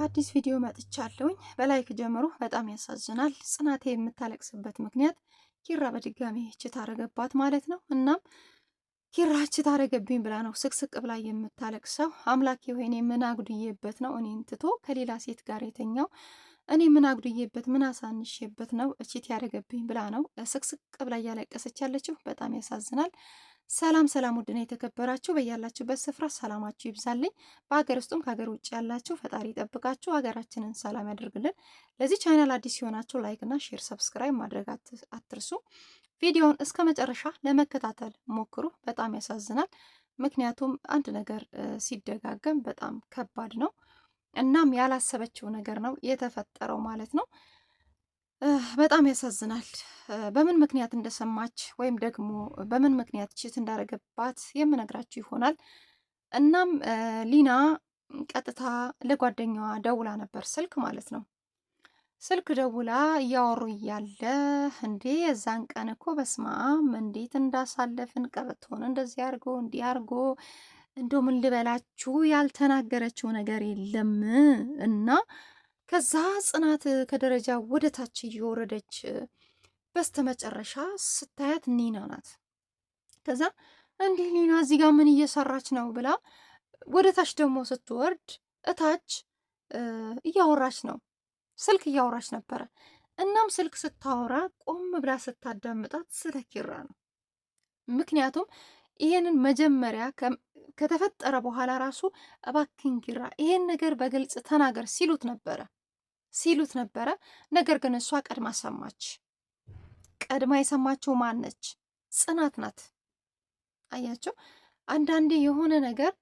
በአዲስ ቪዲዮ መጥቻለሁኝ። በላይክ ጀምሮ በጣም ያሳዝናል። ጽናቴ የምታለቅስበት ምክንያት ኪራ በድጋሚ እችት አረገባት ማለት ነው። እናም ኪራ እችት አረገብኝ ብላ ነው ስቅስቅ ብላ የምታለቅሰው። አምላኬ ሆይ እኔ ምን አጉድዬበት ነው እኔን ትቶ ከሌላ ሴት ጋር የተኛው? እኔ ምን አጉድዬበት ምን አሳንሼበት ነው እችት ያደረገብኝ ብላ ነው ስቅስቅ ብላ እያለቀሰች ያለችው። በጣም ያሳዝናል። ሰላም ሰላም፣ ውድና የተከበራችሁ በያላችሁበት ስፍራ ሰላማችሁ ይብዛልኝ። በሀገር ውስጥም ከሀገር ውጭ ያላችሁ ፈጣሪ ይጠብቃችሁ፣ ሀገራችንን ሰላም ያደርግልን። ለዚህ ቻናል አዲስ ሲሆናችሁ ላይክ እና ሼር፣ ሰብስክራይብ ማድረግ አትርሱ። ቪዲዮውን እስከ መጨረሻ ለመከታተል ሞክሩ። በጣም ያሳዝናል። ምክንያቱም አንድ ነገር ሲደጋገም በጣም ከባድ ነው። እናም ያላሰበችው ነገር ነው የተፈጠረው ማለት ነው። በጣም ያሳዝናል። በምን ምክንያት እንደሰማች ወይም ደግሞ በምን ምክንያት ችት እንዳረገባት የምነግራችሁ ይሆናል። እናም ሊና ቀጥታ ለጓደኛዋ ደውላ ነበር፣ ስልክ ማለት ነው። ስልክ ደውላ እያወሩ እያለ እንዴ የዛን ቀን እኮ በስማም እንዴት እንዳሳለፍን ቀበቶን እንደዚህ አርጎ እንዲህ አርጎ እንዶ ምን ልበላችሁ ያልተናገረችው ነገር የለም እና ከዛ ጽናት ከደረጃ ወደ ታች እየወረደች በስተመጨረሻ ስታያት ኒና ናት። ከዛ እንዲህ ኒና እዚህ ጋር ምን እየሰራች ነው ብላ ወደ ታች ደግሞ ስትወርድ እታች እያወራች ነው፣ ስልክ እያወራች ነበረ። እናም ስልክ ስታወራ ቆም ብላ ስታዳምጣት ስለ ኪራ ነው። ምክንያቱም ይሄንን መጀመሪያ ከተፈጠረ በኋላ ራሱ እባክን ኪራ ይሄን ነገር በግልጽ ተናገር ሲሉት ነበረ። ሲሉት ነበረ። ነገር ግን እሷ ቀድማ ሰማች። ቀድማ የሰማችው ነች? ጽናት ናት። አያቸው። አንዳንዴ የሆነ ነገር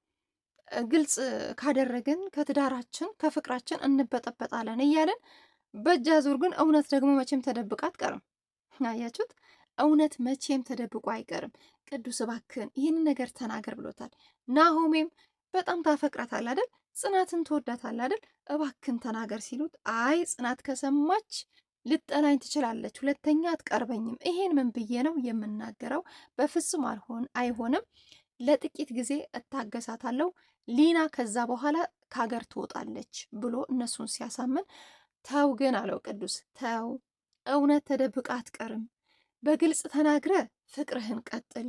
ግልጽ ካደረግን ከትዳራችን ከፍቅራችን እንበጠበጣለን እያለን በእጃ ዙር ግን እውነት ደግሞ መቼም ተደብቃ አትቀርም። አያችሁት? እውነት መቼም ተደብቆ አይቀርም። ቅዱስ እባክህን ይህን ነገር ተናገር ብሎታል። ናሆሜም በጣም ታፈቅራታል አይደል? ጽናትን ትወዳታል አይደል? እባክን ተናገር ሲሉት አይ ጽናት ከሰማች ልጠላኝ ትችላለች፣ ሁለተኛ አትቀርበኝም። ይሄን ምን ብዬ ነው የምናገረው? በፍጹም አልሆን አይሆንም። ለጥቂት ጊዜ እታገሳታለሁ፣ ሊና ከዛ በኋላ ከሀገር ትወጣለች ብሎ እነሱን ሲያሳምን፣ ተው ግን አለው ቅዱስ፣ ተው እውነት ተደብቃ አትቀርም። በግልጽ ተናግረ ፍቅርህን ቀጥል።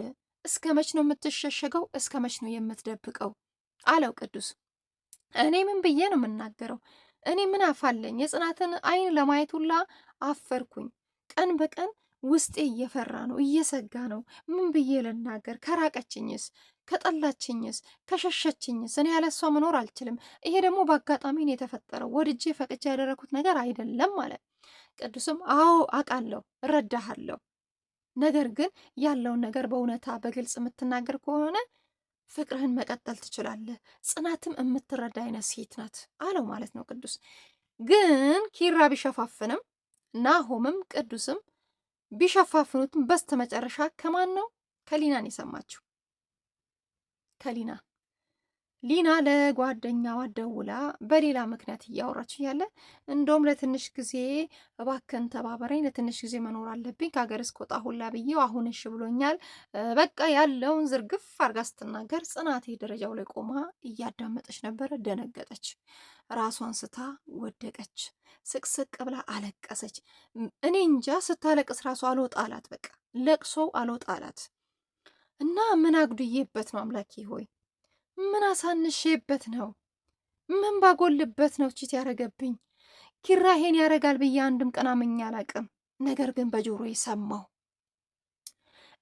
እስከ መች ነው የምትሸሸገው? እስከ መች ነው የምትደብቀው? አለው ቅዱስ። እኔ ምን ብዬ ነው የምናገረው? እኔ ምን አፋለኝ? የጽናትን አይን ለማየት ሁላ አፈርኩኝ። ቀን በቀን ውስጤ እየፈራ ነው፣ እየሰጋ ነው። ምን ብዬ ልናገር? ከራቀችኝስ ከጠላችኝስ ከሸሸችኝስ? እኔ ያለሷ መኖር አልችልም። ይሄ ደግሞ በአጋጣሚ ነው የተፈጠረው፣ ወድጄ ፈቅጄ ያደረኩት ነገር አይደለም ማለት። ቅዱስም አዎ አውቃለሁ፣ እረዳሃለሁ። ነገር ግን ያለውን ነገር በእውነታ በግልጽ የምትናገር ከሆነ ፍቅርህን መቀጠል ትችላለህ። ጽናትም የምትረዳ አይነት ሴት ናት አለው ማለት ነው። ቅዱስ ግን ኪራ ቢሸፋፍንም ናሆምም ቅዱስም ቢሸፋፍኑትም በስተመጨረሻ ከማን ነው ከሊናን የሰማችው? ከሊና ሊና ለጓደኛዋ ደውላ በሌላ ምክንያት እያወራች እያለ እንደውም ለትንሽ ጊዜ እባክን ተባበረኝ፣ ለትንሽ ጊዜ መኖር አለብኝ ከሀገር እስክወጣ ሁላ ብዬው አሁን እሺ ብሎኛል፣ በቃ ያለውን ዝርግፍ አድርጋ ስትናገር ጽናቴ ደረጃው ላይ ቆማ እያዳመጠች ነበረ። ደነገጠች፣ ራሷን ስታ ወደቀች፣ ስቅስቅ ብላ አለቀሰች። እኔ እንጃ ስታለቅስ ራሱ አልወጣ አላት፣ በቃ ለቅሶ አልወጣ አላት እና ምን አጉድዬበት ነው አምላኬ ሆይ ምን አሳንሼበት ነው? ምን ባጎልበት ነው ቺት ያደረገብኝ? ኪራሄን ያደርጋል ብዬ አንድም ቀን አምኜ አላቅም። ነገር ግን በጆሮ የሰማው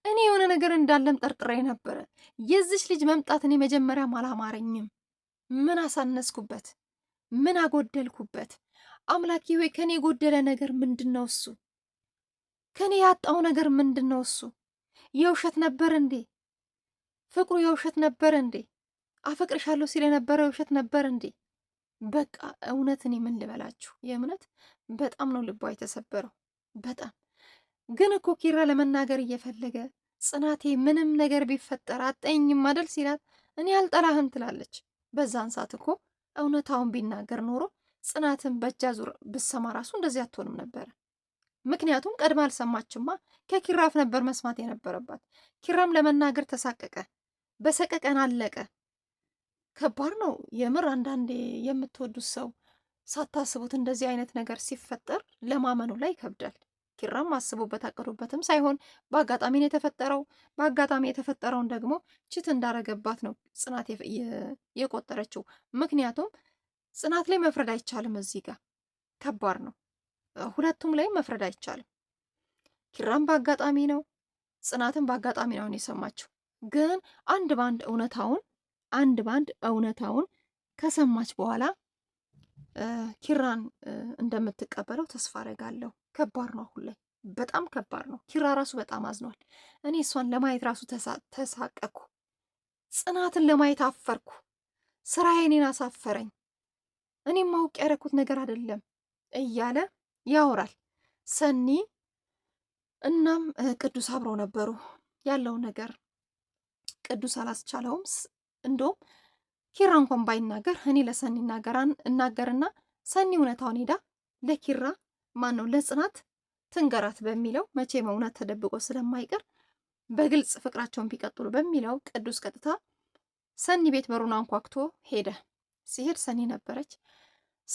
እኔ የሆነ ነገር እንዳለም ጠርጥሬ ነበረ። የዚች ልጅ መምጣት እኔ መጀመሪያም አላማረኝም። ምን አሳነስኩበት? ምን አጎደልኩበት? አምላኬ ሆይ ከኔ የጎደለ ነገር ምንድን ነው እሱ? ከኔ ያጣው ነገር ምንድን ነው እሱ? የውሸት ነበር እንዴ? ፍቅሩ የውሸት ነበር እንዴ? አፈቅርሻለሁ ሲል የነበረ ውሸት ነበር እንዴ? በቃ እውነት እኔ ምን ልበላችሁ፣ የእምነት በጣም ነው ልቧ የተሰበረው። በጣም ግን እኮ ኪራ ለመናገር እየፈለገ ጽናቴ ምንም ነገር ቢፈጠር አጠኝም አደል ሲላት እኔ አልጠላህም ትላለች። በዛን ሰዓት እኮ እውነታውን ቢናገር ኖሮ ጽናትን በእጃ ዙር ብሰማ ራሱ እንደዚህ አትሆንም ነበረ። ምክንያቱም ቀድማ አልሰማችማ፣ ከኪራፍ ነበር መስማት የነበረባት። ኪራም ለመናገር ተሳቀቀ፣ በሰቀቀን አለቀ። ከባድ ነው የምር አንዳንዴ የምትወዱት ሰው ሳታስቡት እንደዚህ አይነት ነገር ሲፈጠር ለማመኑ ላይ ይከብዳል። ኪራም አስቡበት አቅዱበትም ሳይሆን በአጋጣሚ ነው የተፈጠረው። በአጋጣሚ የተፈጠረውን ደግሞ ችት እንዳረገባት ነው ጽናት የቆጠረችው። ምክንያቱም ጽናት ላይ መፍረድ አይቻልም። እዚህ ጋር ከባድ ነው። ሁለቱም ላይ መፍረድ አይቻልም። ኪራም በአጋጣሚ ነው፣ ጽናትም በአጋጣሚ ነው የሰማችው። ግን አንድ በአንድ እውነታውን አንድ ባንድ እውነታውን ከሰማች በኋላ ኪራን እንደምትቀበለው ተስፋ አደርጋለሁ። ከባድ ነው፣ አሁን ላይ በጣም ከባድ ነው። ኪራ ራሱ በጣም አዝኗል። እኔ እሷን ለማየት ራሱ ተሳቀኩ። ጽናትን ለማየት አፈርኩ። ስራዬ እኔን አሳፈረኝ። እኔም ማውቅ ያደረኩት ነገር አይደለም እያለ ያወራል ሰኒ። እናም ቅዱስ አብረው ነበሩ። ያለው ነገር ቅዱስ አላስቻለውም። እንዲሁም ኪራ እንኳን ባይናገር እኔ ለሰኒ እናገራን እናገርና ሰኒ እውነታውን ሄዳ ለኪራ ማን ነው ለጽናት ትንገራት በሚለው መቼም እውነት ተደብቆ ስለማይቀር በግልጽ ፍቅራቸውን ቢቀጥሉ በሚለው ቅዱስ ቀጥታ ሰኒ ቤት በሩን አንኳክቶ ሄደ። ሲሄድ ሰኒ ነበረች።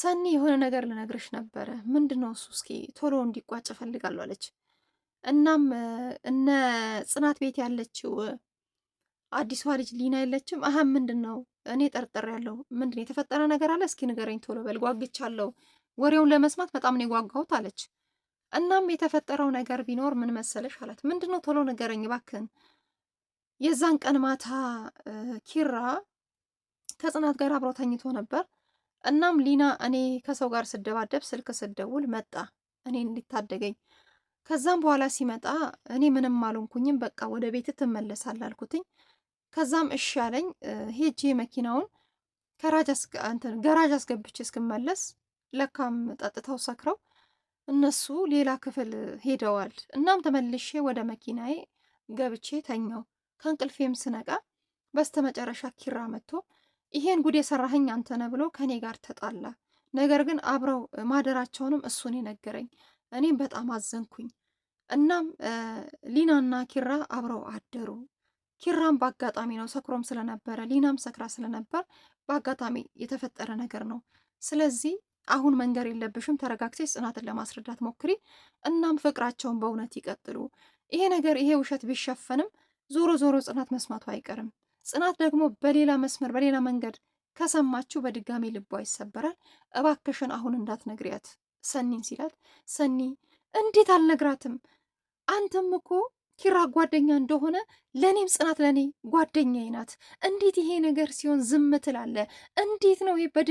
ሰኒ የሆነ ነገር ልነግርሽ ነበረ። ምንድነው እሱ? እስኪ ቶሎ እንዲቋጭ እፈልጋለሁ አለች። እናም እነ ጽናት ቤት ያለችው አዲሷ ልጅ ሊና የለችም? አሀ ምንድን ነው? እኔ ጠርጥሬያለሁ። ምንድን ነው የተፈጠረ ነገር አለ? እስኪ ንገረኝ ቶሎ በል፣ ጓግቻለሁ። ወሬውን ለመስማት በጣም ነው የጓጓሁት አለች። እናም የተፈጠረው ነገር ቢኖር ምን መሰለሽ አላት። ምንድን ነው? ቶሎ ንገረኝ እባክህን። የዛን ቀን ማታ ኪራ ከጽናት ጋር አብሮ ተኝቶ ነበር። እናም ሊና እኔ ከሰው ጋር ስደባደብ ስልክ ስደውል መጣ እኔ እንዲታደገኝ ከዛም በኋላ ሲመጣ እኔ ምንም አልሆንኩኝም፣ በቃ ወደ ቤት ትመለሳል አልኩትኝ። ከዛም እሺ አለኝ። ሄጄ መኪናውን ገራጅ አስገብቼ እስክመለስ ለካም ጠጥተው ሰክረው እነሱ ሌላ ክፍል ሄደዋል። እናም ተመልሼ ወደ መኪናዬ ገብቼ ተኛው። ከእንቅልፌም ስነቃ በስተመጨረሻ ኪራ መጥቶ ይሄን ጉድ የሰራኸኝ አንተ ነህ ብሎ ከኔ ጋር ተጣላ። ነገር ግን አብረው ማደራቸውንም እሱን የነገረኝ እኔም በጣም አዘንኩኝ። እናም ሊናና ኪራ አብረው አደሩ። ኪራም በአጋጣሚ ነው ሰክሮም ስለነበረ ሊናም ሰክራ ስለነበር በአጋጣሚ የተፈጠረ ነገር ነው። ስለዚህ አሁን መንገር የለብሽም ተረጋግተሽ ጽናትን ለማስረዳት ሞክሪ። እናም ፍቅራቸውን በእውነት ይቀጥሉ። ይሄ ነገር ይሄ ውሸት ቢሸፈንም ዞሮ ዞሮ ጽናት መስማቱ አይቀርም። ጽናት ደግሞ በሌላ መስመር በሌላ መንገድ ከሰማችሁ በድጋሚ ልቧ ይሰበራል። እባክሽን አሁን እንዳትነግሪያት ሰኒን ሲላት፣ ሰኒ እንዴት አልነግራትም አንተም እኮ ኪራ ጓደኛ እንደሆነ ለእኔም ጽናት ለእኔ ጓደኛዬ ናት። እንዴት ይሄ ነገር ሲሆን ዝም ትላለ? እንዴት ነው ይሄ በድ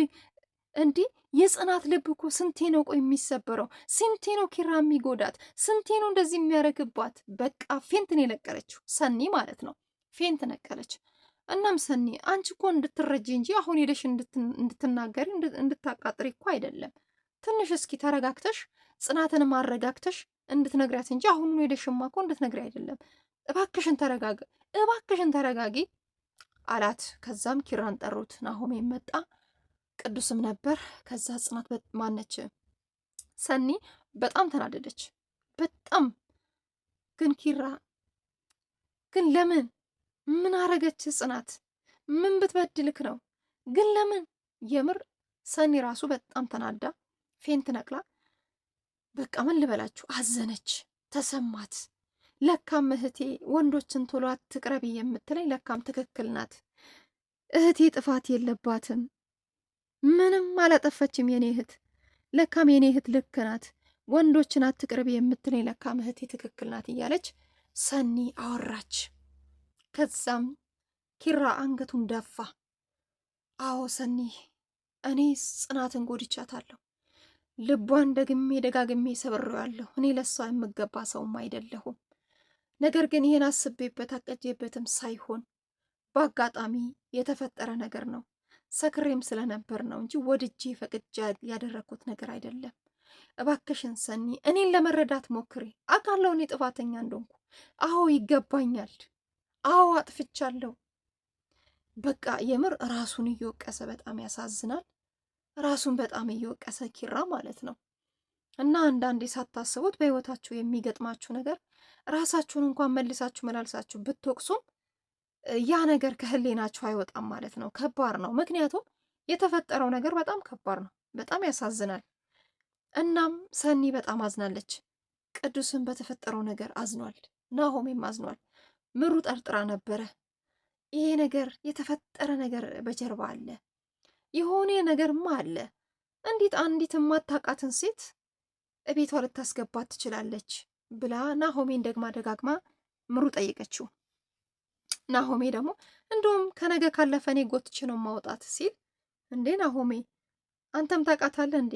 እንዲህ የጽናት ልብ እኮ ስንቴ ነው ቆይ የሚሰበረው? ስንቴ ነው ኪራ የሚጎዳት? ስንቴ ነው እንደዚህ የሚያደርግባት? በቃ ፌንትን የለቀለችው ሰኒ ማለት ነው። ፌንት ነቀለች። እናም ሰኒ አንቺ እኮ እንድትረጂ እንጂ አሁን ሄደሽ እንድትናገሪ እንድታቃጥሪ እኮ አይደለም። ትንሽ እስኪ ተረጋግተሽ ጽናትን ማረጋግተሽ እንድትነግሪያት እንጂ አሁኑ ሄደሽማ እኮ እንድትነግሪ አይደለም። እባክሽን ተረጋግ እባክሽን ተረጋጊ አላት። ከዛም ኪራን ጠሩት። ናሆሜ መጣ፣ ቅዱስም ነበር። ከዛ ጽናት ማነች ሰኒ በጣም ተናደደች። በጣም ግን ኪራ ግን ለምን ምን አረገች ጽናት? ምን ብትበድልክ ነው? ግን ለምን የምር ሰኒ ራሱ በጣም ተናዳ ፌንት ነቅላ በቃ ምን ልበላችሁ፣ አዘነች፣ ተሰማት። ለካም እህቴ ወንዶችን ቶሎ አትቅረቢ የምትለኝ ለካም ትክክል ናት። እህቴ ጥፋት የለባትም፣ ምንም አላጠፈችም የኔ እህት። ለካም የኔ እህት ልክ ናት፣ ወንዶችን አትቅርቢ የምትለኝ ለካም እህቴ ትክክል ናት እያለች ሰኒ አወራች። ከዛም ኪራ አንገቱን ደፋ። አዎ ሰኒ፣ እኔ ጽናትን ጎድቻታለሁ ልቧን ደግሜ ደጋግሜ ሰብሬዋለሁ። እኔ ለሷ የምገባ ሰውም አይደለሁም። ነገር ግን ይህን አስቤበት አቀጄበትም ሳይሆን በአጋጣሚ የተፈጠረ ነገር ነው። ሰክሬም ስለነበር ነው እንጂ ወድጄ ፈቅጃ ያደረግኩት ነገር አይደለም። እባክሽን ሰኒ፣ እኔን ለመረዳት ሞክሪ። አውቃለሁ እኔ ጥፋተኛ እንደሆንኩ። አዎ ይገባኛል። አዎ አጥፍቻለሁ። በቃ የምር ራሱን እየወቀሰ በጣም ያሳዝናል። ራሱን በጣም እየወቀሰ ኪራ ማለት ነው። እና አንዳንዴ ሳታስቡት በህይወታችሁ የሚገጥማችሁ ነገር ራሳችሁን እንኳን መልሳችሁ መላልሳችሁ ብትወቅሱም ያ ነገር ከህሌናችሁ አይወጣም ማለት ነው። ከባድ ነው። ምክንያቱም የተፈጠረው ነገር በጣም ከባድ ነው። በጣም ያሳዝናል። እናም ሰኒ በጣም አዝናለች። ቅዱስም በተፈጠረው ነገር አዝኗል። ናሆሜም አዝኗል። ምሩ ጠርጥራ ነበረ። ይሄ ነገር የተፈጠረ ነገር በጀርባ አለ የሆነ ነገርማ አለ። እንዴት አንዲት የማታውቃትን ሴት እቤቷ ልታስገባት ትችላለች? ብላ ናሆሜን ደግማ ደጋግማ ምሩ ጠየቀችው። ናሆሜ ደግሞ እንደውም ከነገ ካለፈ እኔ ጎትቼ ነው ማውጣት ሲል እንዴ ናሆሜ አንተም ታውቃታለህ እንዴ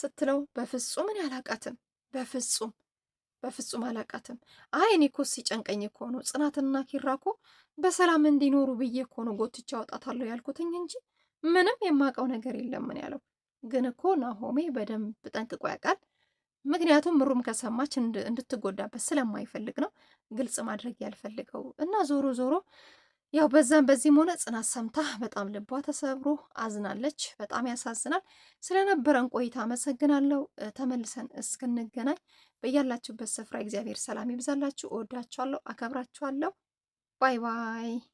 ስትለው በፍጹም እኔ አላውቃትም፣ በፍጹም በፍጹም አላውቃትም። አይ እኔ እኮ ሲጨንቀኝ እኮ ነው ጽናትና ኪራ እኮ በሰላም እንዲኖሩ ብዬ እኮ ነው ጎትቼ አውጣታለሁ ያልኩትኝ እንጂ ምንም የማውቀው ነገር የለም ነው ያለው። ግን እኮ ናሆሜ በደንብ ጠንቅቆ ያውቃል። ምክንያቱም ምሩም ከሰማች እንድትጎዳበት ስለማይፈልግ ነው ግልጽ ማድረግ ያልፈልገው እና ዞሮ ዞሮ ያው በዛም በዚህም ሆነ ጽናት ሰምታ በጣም ልቧ ተሰብሮ አዝናለች። በጣም ያሳዝናል። ስለነበረን ቆይታ አመሰግናለሁ። ተመልሰን እስክንገናኝ በያላችሁበት ስፍራ እግዚአብሔር ሰላም ይብዛላችሁ። እወዳችኋለሁ፣ አከብራችኋለሁ። ባይ ባይ።